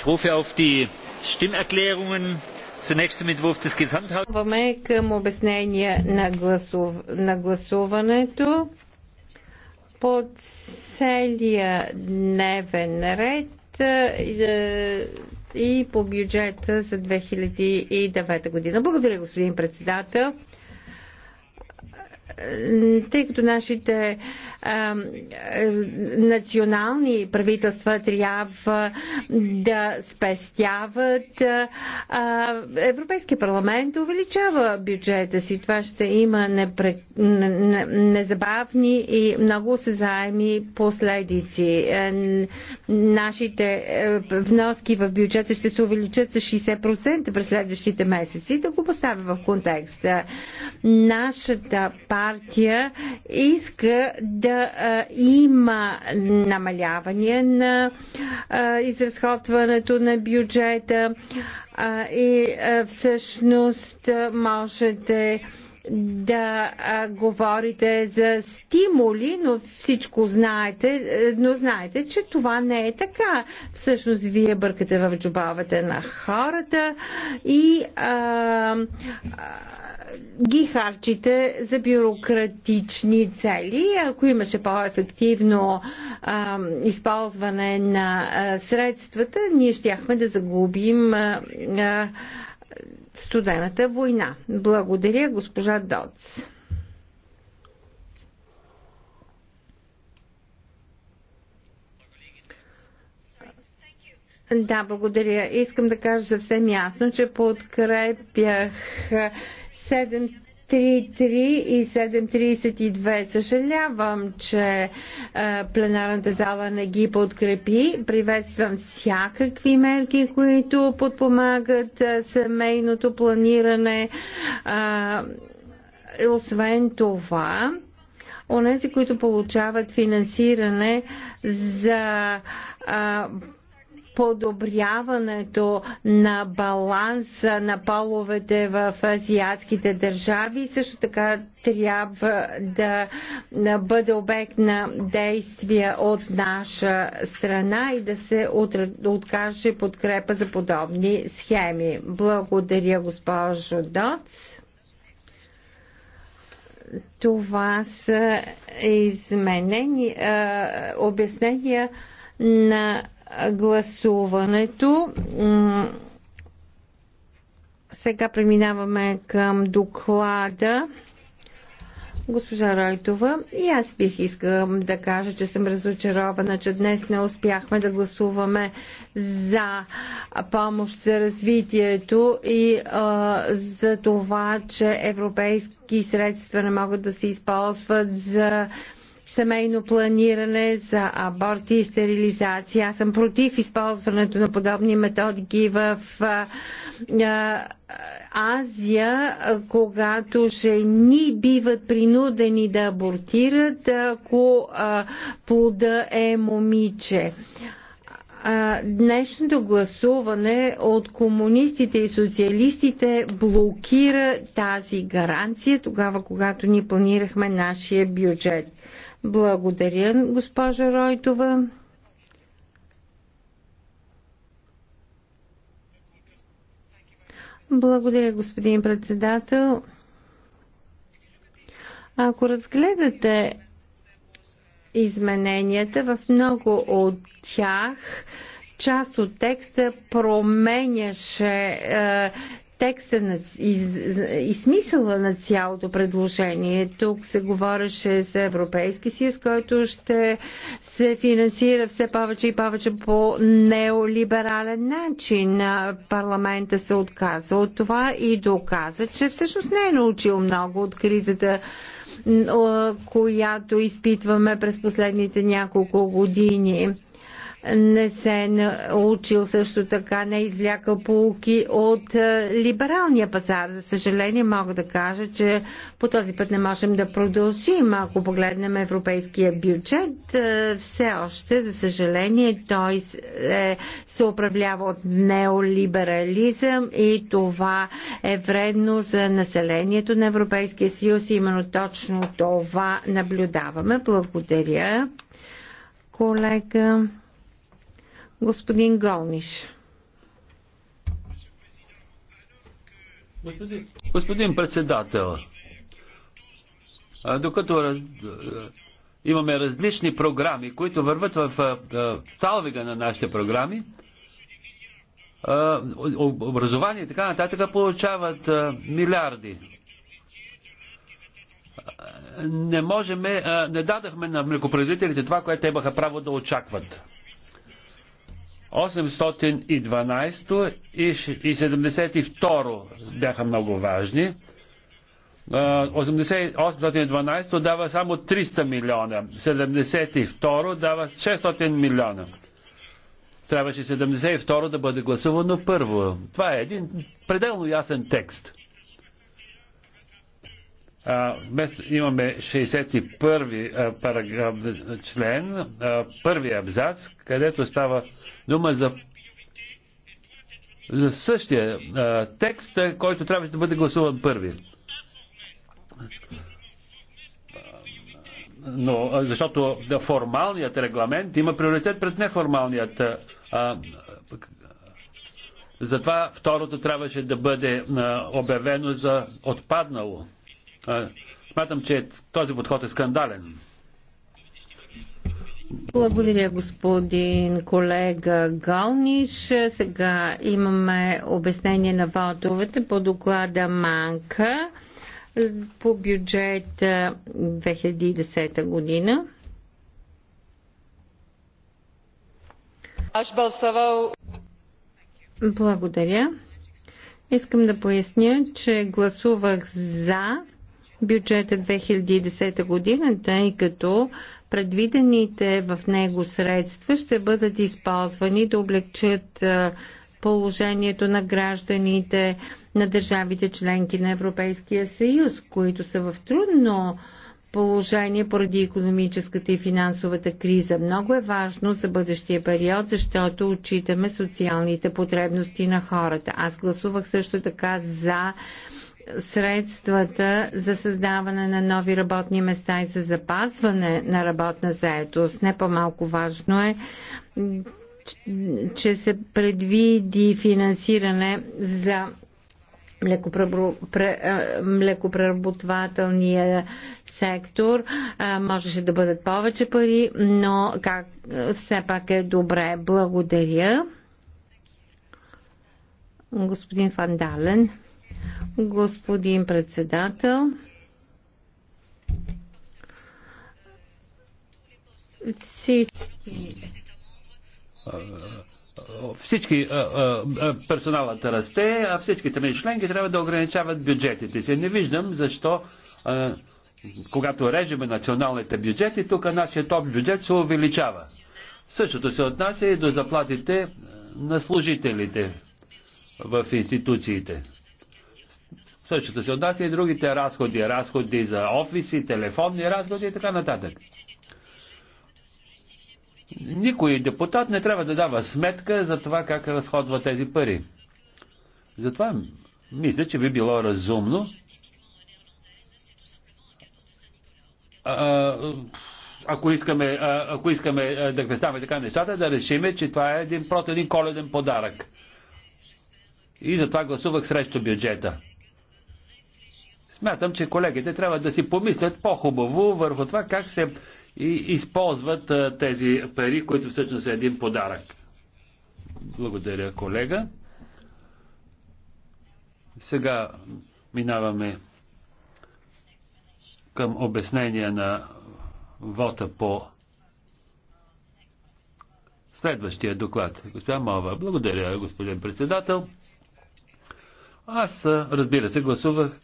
Ich към обяснения на, гласув... на гласуването. По целия дневен ред и по бюджета за 2009 година. Благодаря, господин председател тъй като нашите а, е, национални правителства трябва да спестяват, а, Европейския парламент увеличава бюджета си. Това ще има непре... незабавни и много осезаеми последици. Е, нашите е, вноски в бюджета ще се увеличат с 60% през следващите месеци. Да го поставя в контекст. Нашата партия партия иска да има намаляване на изразходването на бюджета и всъщност можете да а, говорите за стимули, но всичко знаете, но знаете, че това не е така. Всъщност, вие бъркате в джобавата на хората и а, а, ги харчите за бюрократични цели. Ако имаше по-ефективно използване на а, средствата, ние щяхме да загубим а, а, студената война. Благодаря, госпожа Доц. Да, благодаря. Искам да кажа съвсем ясно, че подкрепях 7.33 и 7.32. Съжалявам, че е, пленарната зала не ги подкрепи. Приветствам всякакви мерки, които подпомагат е, семейното планиране. Е, освен това, онези, които получават финансиране за Е, подобряването на баланса на половете в азиатските държави. Също така трябва да бъде обект на действия от наша страна и да се откаже подкрепа за подобни схеми. Благодаря, госпожо Доц. Това са изменени, а, обяснения на гласуването. Сега преминаваме към доклада. Госпожа Ройтова, и аз бих искам да кажа, че съм разочарована, че днес не успяхме да гласуваме за помощ за развитието и а, за това, че европейски средства не могат да се използват за семейно планиране, за аборти и стерилизация. Аз съм против използването на подобни методики в Азия, когато жени биват принудени да абортират, ако плода е момиче днешното гласуване от комунистите и социалистите блокира тази гаранция тогава, когато ни планирахме нашия бюджет. Благодаря, госпожа Ройтова. Благодаря, господин председател. Ако разгледате измененията, в много от тях част от текста променяше е, текста на, и, и смисъла на цялото предложение. Тук се говореше за Европейски съюз, който ще се финансира все повече и повече по неолиберален начин. Парламента се отказа от това и доказа, че всъщност не е научил много от кризата която изпитваме през последните няколко години не се е научил също така, не е извлякал полуки от е, либералния пазар. За съжаление мога да кажа, че по този път не можем да продължим. Ако погледнем европейския бюджет, е, все още, за съжаление, той е, се управлява от неолиберализъм и това е вредно за населението на Европейския съюз. Именно точно това наблюдаваме. Благодаря, колега господин Галниш. Господин, господин председател, докато раз, имаме различни програми, които върват в талвига на нашите програми, образование и така нататък получават милиарди. Не можем, не дадахме на млекопроизводителите това, което те имаха право да очакват. 812 и 72 бяха много важни. 812 дава само 300 милиона, 72 дава 600 милиона. Трябваше 72 да бъде гласувано първо. Това е един пределно ясен текст. А, имаме 61-и параграф член, а, първи е абзац, където става дума за, за същия а, текст, който трябва да бъде гласуван първи. Но, защото формалният регламент има приоритет пред неформалният. А, затова второто трябваше да бъде а, обявено за отпаднало. Смятам, че този подход е скандален. Благодаря, господин колега Галниш. Сега имаме обяснение на вотовете по доклада Манка по бюджет 2010 година. Аз балсавал. Благодаря. Искам да поясня, че гласувах за бюджета 2010 година, тъй като предвидените в него средства ще бъдат използвани да облегчат положението на гражданите на държавите членки на Европейския съюз, които са в трудно положение поради економическата и финансовата криза. Много е важно за бъдещия период, защото отчитаме социалните потребности на хората. Аз гласувах също така за средствата за създаване на нови работни места и за запазване на работна заедост. Не по-малко важно е че се предвиди финансиране за млекопреработвателния сектор. Можеше да бъдат повече пари, но как, все пак е добре. Благодаря. Господин Фандален. Господин председател, всички всички персоналът расте, а всички страни членки трябва да ограничават бюджетите си. Не виждам защо, когато режеме националните бюджети, тук нашия топ бюджет се увеличава. Същото се отнася и до заплатите на служителите в институциите. Същото се отнася и другите разходи. Разходи за офиси, телефонни разходи и така нататък. Никой депутат не трябва да дава сметка за това как разходва тези пари. Затова мисля, че би било разумно а, ако искаме, ако искаме да представяме така нещата, да решиме, че това е един, просто един коледен подарък. И затова гласувах срещу бюджета. Смятам, че колегите трябва да си помислят по-хубаво върху това как се използват тези пари, които всъщност е един подарък. Благодаря, колега. Сега минаваме към обяснение на вота по следващия доклад. Господа Мова, благодаря, господин председател. Аз, разбира се, гласувах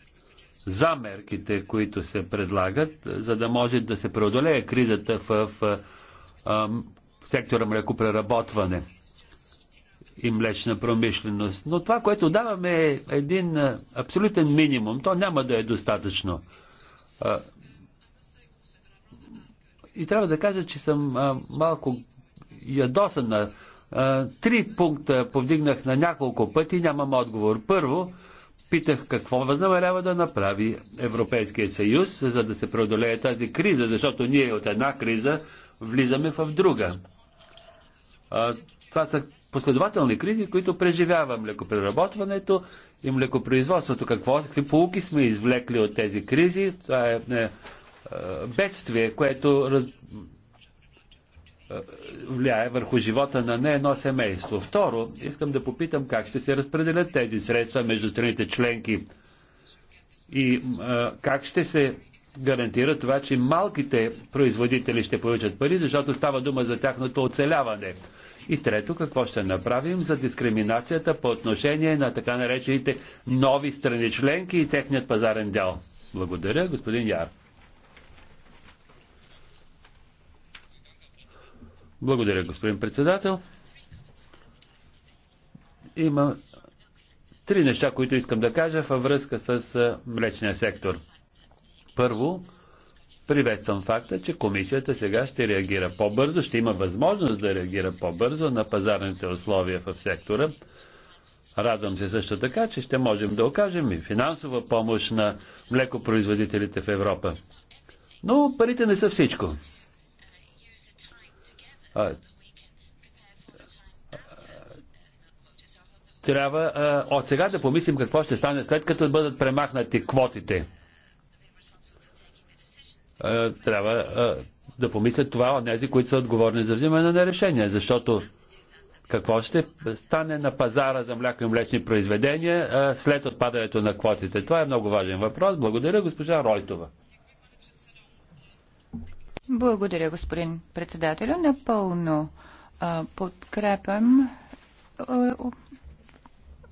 за мерките, които се предлагат, за да може да се преодолее кризата в, в сектора млекопреработване и млечна промишленост. Но това, което даваме е един абсолютен минимум. То няма да е достатъчно. И трябва да кажа, че съм малко ядосан три пункта повдигнах на няколко пъти, нямам отговор. Първо, Питах какво възнамерява да направи Европейския съюз, за да се преодолее тази криза, защото ние от една криза влизаме в друга. А, това са последователни кризи, които преживява млекопреработването и млекопроизводството. Какво, какви полуки сме извлекли от тези кризи? Това е, е, е бедствие, което раз, влияе върху живота на не едно семейство. Второ, искам да попитам как ще се разпределят тези средства между страните членки и а, как ще се гарантира това, че малките производители ще получат пари, защото става дума за тяхното оцеляване. И трето, какво ще направим за дискриминацията по отношение на така наречените нови страни членки и техният пазарен дял. Благодаря, господин Яр. Благодаря, господин председател. Има три неща, които искам да кажа във връзка с млечния сектор. Първо, приветствам факта, че комисията сега ще реагира по-бързо, ще има възможност да реагира по-бързо на пазарните условия в сектора. Радвам се също така, че ще можем да окажем и финансова помощ на млекопроизводителите в Европа. Но парите не са всичко трябва от сега да помислим какво ще стане след като бъдат премахнати квотите. трябва да помислят това от тези, които са отговорни за взимане на решения, защото какво ще стане на пазара за мляко и млечни произведения след отпадането на квотите? Това е много важен въпрос. Благодаря, госпожа Ройтова. Благодаря, господин председателю. Напълно а, подкрепям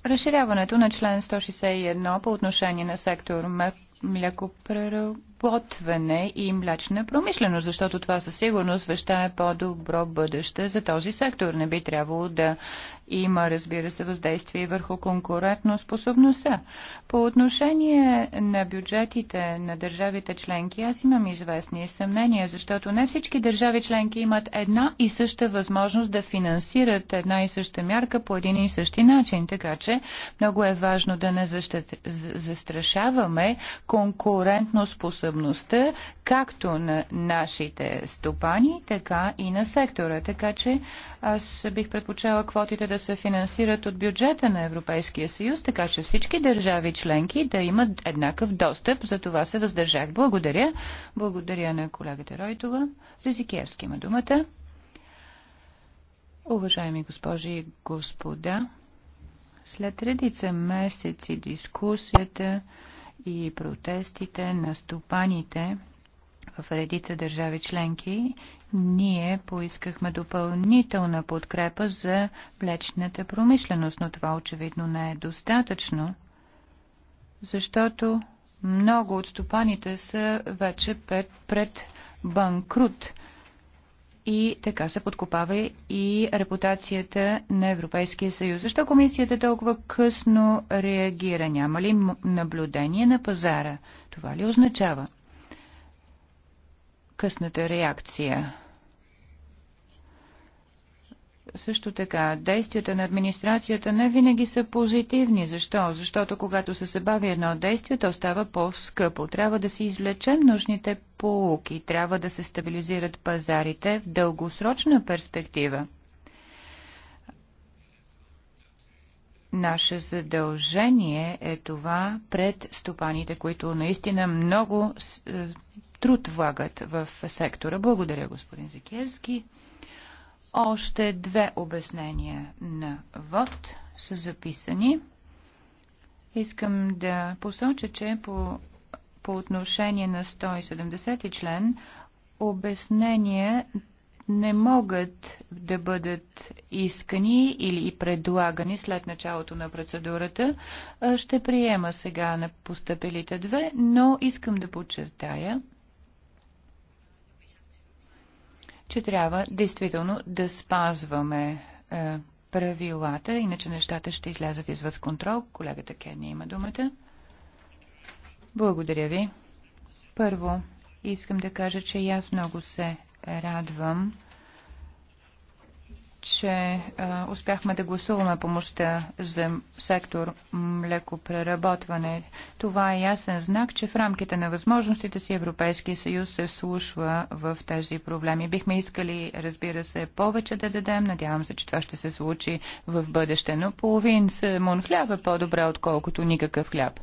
разширяването на член 161 по отношение на сектор млекопреработка преработване и млечна промишленост, защото това със сигурност веща е по-добро бъдеще за този сектор. Не би трябвало да има, разбира се, въздействие върху конкурентно способността. По отношение на бюджетите на държавите членки, аз имам известни съмнения, защото не всички държави членки имат една и съща възможност да финансират една и съща мярка по един и същи начин. Така че много е важно да не застрашаваме конкурентно способността потребността както на нашите стопани, така и на сектора. Така че аз бих предпочела квотите да се финансират от бюджета на Европейския съюз, така че всички държави членки да имат еднакъв достъп. За това се въздържах. Благодаря. Благодаря на колегата Ройтова. Зизикевски има думата. Уважаеми госпожи и господа, след редица месеци дискусията и протестите на стопаните в редица държави членки, ние поискахме допълнителна подкрепа за млечната промишленост, но това очевидно не е достатъчно, защото много от стопаните са вече пред, пред банкрут и така се подкопава и репутацията на Европейския съюз. Защо комисията толкова късно реагира? Няма ли наблюдение на пазара? Това ли означава? Късната реакция. Също така, действията на администрацията не винаги са позитивни. Защо? Защото когато се събави едно действие, то става по-скъпо. Трябва да си извлечем нужните полуки. Трябва да се стабилизират пазарите в дългосрочна перспектива. Наше задължение е това пред стопаните, които наистина много е, труд влагат в сектора. Благодаря, господин Зикерски. Още две обяснения на ВОД са записани. Искам да посоча, че по, по отношение на 170 член обяснения не могат да бъдат искани или предлагани след началото на процедурата. Ще приема сега на постъпилите две, но искам да подчертая, че трябва действително да спазваме е, правилата, иначе нещата ще излязат извъд контрол. Колегата Кенни има думата. Благодаря ви. Първо, искам да кажа, че и аз много се радвам че а, успяхме да гласуваме помощта за сектор млекопреработване. Това е ясен знак, че в рамките на възможностите си Европейския съюз се слушва в тези проблеми. Бихме искали, разбира се, повече да дадем. Надявам се, че това ще се случи в бъдеще. Но половин самон хляб е по-добре, отколкото никакъв хляб.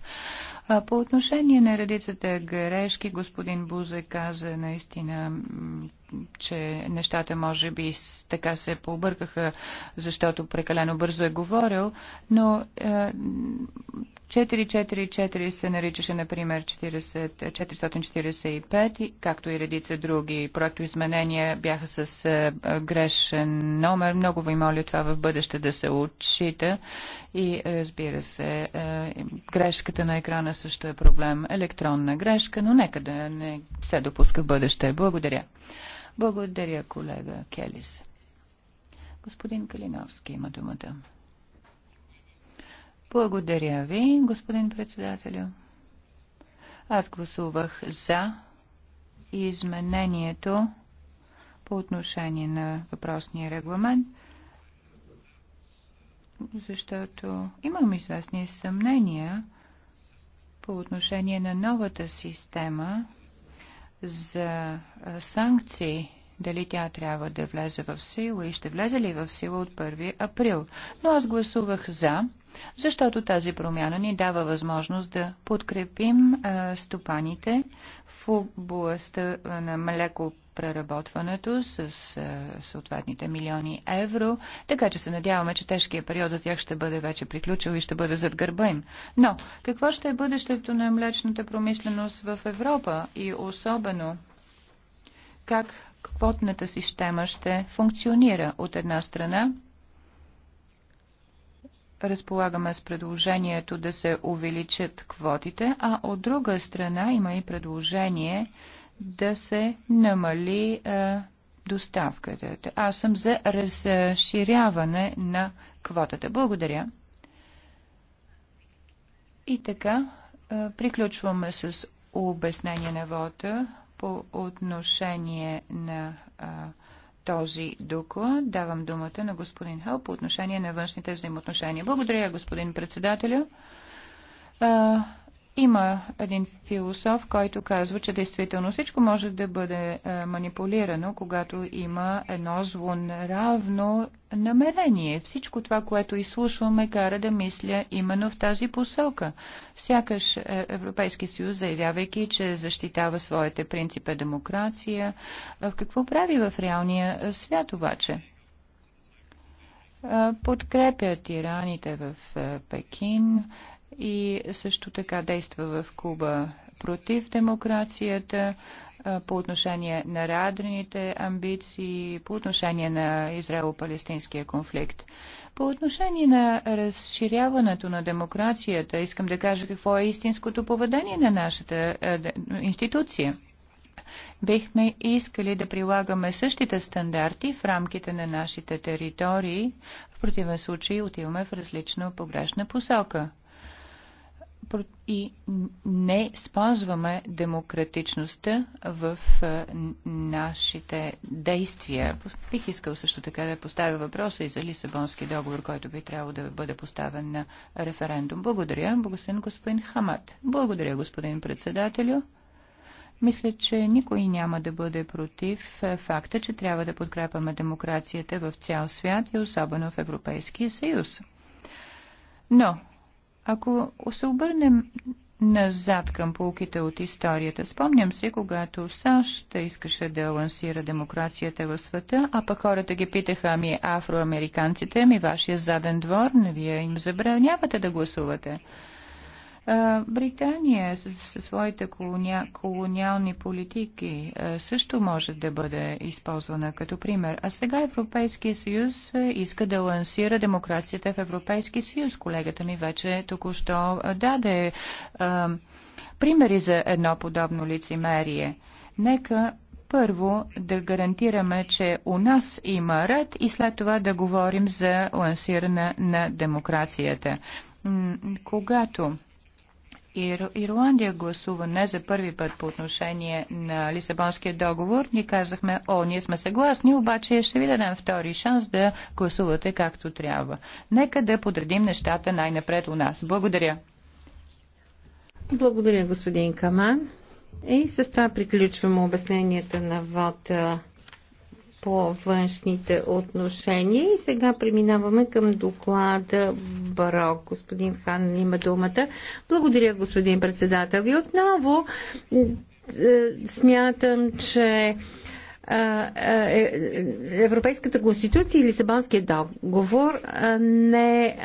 А по отношение на редицата грешки, господин Бузе каза наистина че нещата може би така се пообъркаха, защото прекалено бързо е говорил, но 444 е, се наричаше, например, 445, е, както и редица други проектоизменения бяха с е, грешен номер. Много ви моля това в бъдеще да се отчита и разбира се, грешката на екрана също е проблем. Електронна грешка, но нека да не се допуска в бъдеще. Благодаря. Благодаря, колега Келис. Господин Калиновски има думата. Благодаря ви, господин председателю. Аз гласувах за изменението по отношение на въпросния регламент, защото имам известни съмнения по отношение на новата система – за санкции, дали тя трябва да влезе в сила и ще влезе ли в сила от 1 април. Но аз гласувах за, защото тази промяна ни дава възможност да подкрепим стопаните в областта на млеко преработването с е, съответните милиони евро, така че се надяваме, че тежкият период за тях ще бъде вече приключил и ще бъде зад гърба им. Но какво ще е бъдещето на млечната промишленост в Европа и особено как квотната система ще функционира от една страна? разполагаме с предложението да се увеличат квотите, а от друга страна има и предложение да се намали а, е, доставката. Аз съм за разширяване на квотата. Благодаря. И така, а, е, приключваме с обяснение на вода по отношение на а, е, този доклад. Давам думата на господин Хал по отношение на външните взаимоотношения. Благодаря, господин председателя. Има един философ, който казва, че действително всичко може да бъде е, манипулирано, когато има едно злонравно намерение. Всичко това, което изслушваме, кара да мисля именно в тази посока. Сякаш е, Европейски съюз, заявявайки, че защитава своите принципи демокрация, В е, какво прави в реалния свят обаче? Подкрепят тираните в Пекин, и също така действа в Куба против демокрацията, по отношение на радрените амбиции, по отношение на Израел-Палестинския конфликт. По отношение на разширяването на демокрацията, искам да кажа какво е истинското поведение на нашата институция. Бихме искали да прилагаме същите стандарти в рамките на нашите територии, в противен случай отиваме в различна погрешна посока и не спазваме демократичността в е, нашите действия. Бих искал също така да поставя въпроса и за Лисабонски договор, който би трябвало да бъде поставен на референдум. Благодаря, благословен господин Хамат. Благодаря, господин председателю. Мисля, че никой няма да бъде против е, факта, че трябва да подкрепяме демокрацията в цял свят и особено в Европейския съюз. Но ако се обърнем назад към полките от историята. Спомням се, когато САЩ искаше да лансира демокрацията в света, а пък хората ги питаха, ами афроамериканците, ами вашия заден двор, не вие им забранявате да гласувате. Британия със своите колония, колониални политики също може да бъде използвана като пример. А сега Европейския съюз иска да лансира демокрацията в Европейския съюз. Колегата ми вече току-що даде а, примери за едно подобно лицемерие. Нека първо да гарантираме, че у нас има ред и след това да говорим за лансиране на демокрацията. Когато Ирландия гласува не за първи път по отношение на Лисабонския договор. Ни казахме, о, ние сме съгласни, обаче ще ви дадем втори шанс да гласувате както трябва. Нека да подредим нещата най-напред у нас. Благодаря. Благодаря, господин Каман. И с това приключваме обясненията на вода по външните отношения. И сега преминаваме към доклада Барок. Господин Хан има думата. Благодаря, господин председател. И отново е, смятам, че е, е, Европейската конституция и Лисабонския договор не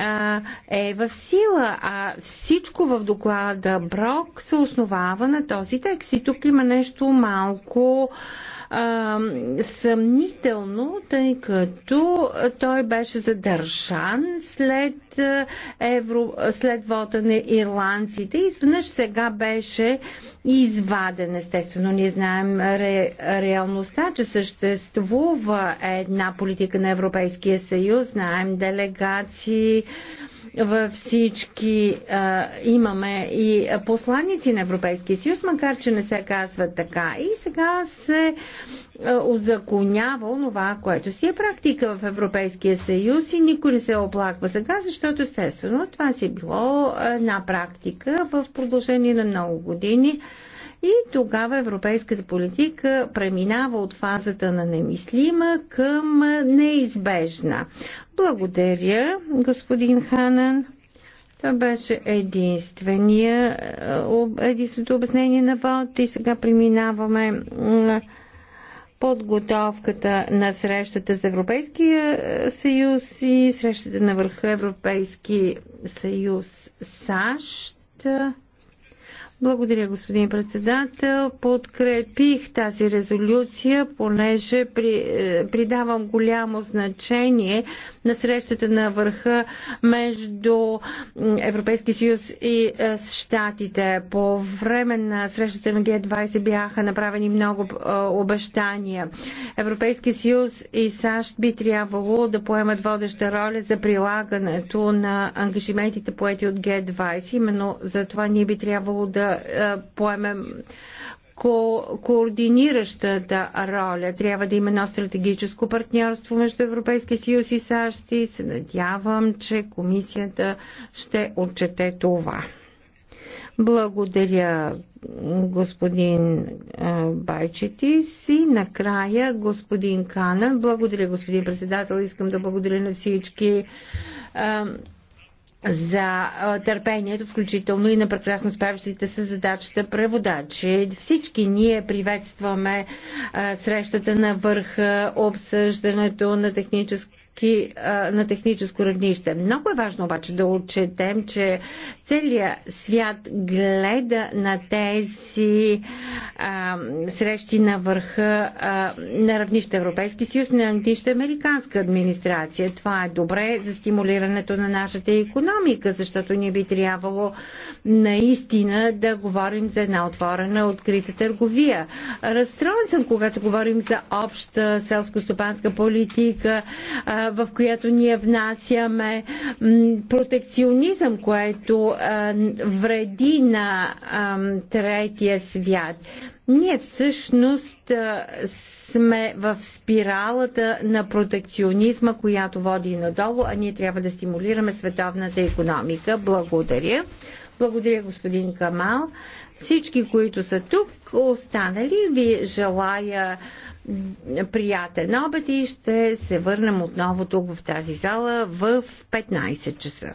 е в сила, а всичко в доклада Брок се основава на този текст. И тук има нещо малко а, съмнително, тъй като той беше задържан след, евро, след вота на ирландците и изведнъж сега беше изваден. Естествено, ние знаем ре, реалността, че съществува една политика на Европейския съюз, знаем делегации, във всички а, имаме и посланици на Европейския съюз, макар че не се казва така. И сега се а, озаконява това, което си е практика в Европейския съюз и никой не се оплаква сега, защото естествено това си е било една практика в продължение на много години. И тогава европейската политика преминава от фазата на немислима към неизбежна. Благодаря, господин Ханан. Това беше единствения, е, единственото обяснение на вод и сега преминаваме на подготовката на срещата за Европейския е, съюз и срещата на върха Европейски съюз САЩ. Благодаря, господин председател. Подкрепих тази резолюция, понеже при, е, придавам голямо значение на срещата на върха между Европейския съюз и Штатите. Е, По време на срещата на Г-20 бяха направени много е, обещания. Европейския съюз и САЩ би трябвало да поемат водеща роля за прилагането на ангажиментите поети от Г-20. Именно за това ние би трябвало да е, поемем ко- координиращата роля. Трябва да има едно стратегическо партньорство между Европейския съюз и САЩ и се надявам, че комисията ще отчете това. Благодаря господин е, Байчетис и накрая господин Канан. Благодаря господин председател. Искам да благодаря на всички е, за търпението, включително и на прекрасно справящите се задачата преводачи. Всички ние приветстваме срещата на върха, обсъждането на техническо мерки а, на техническо равнище. Много е важно обаче да отчетем, че целият свят гледа на тези а, срещи на върха а, на равнище Европейски съюз, на равнище Американска администрация. Това е добре за стимулирането на нашата економика, защото ни би трябвало наистина да говорим за една отворена, открита търговия. Разстроен съм, когато говорим за обща селско-стопанска политика, а, в която ние внасяме протекционизъм, което вреди на третия свят. Ние всъщност сме в спиралата на протекционизма, която води надолу, а ние трябва да стимулираме световната економика. Благодаря. Благодаря, господин Камал. Всички, които са тук, останали, ви желая приятен обед и ще се върнем отново тук в тази зала в 15 часа.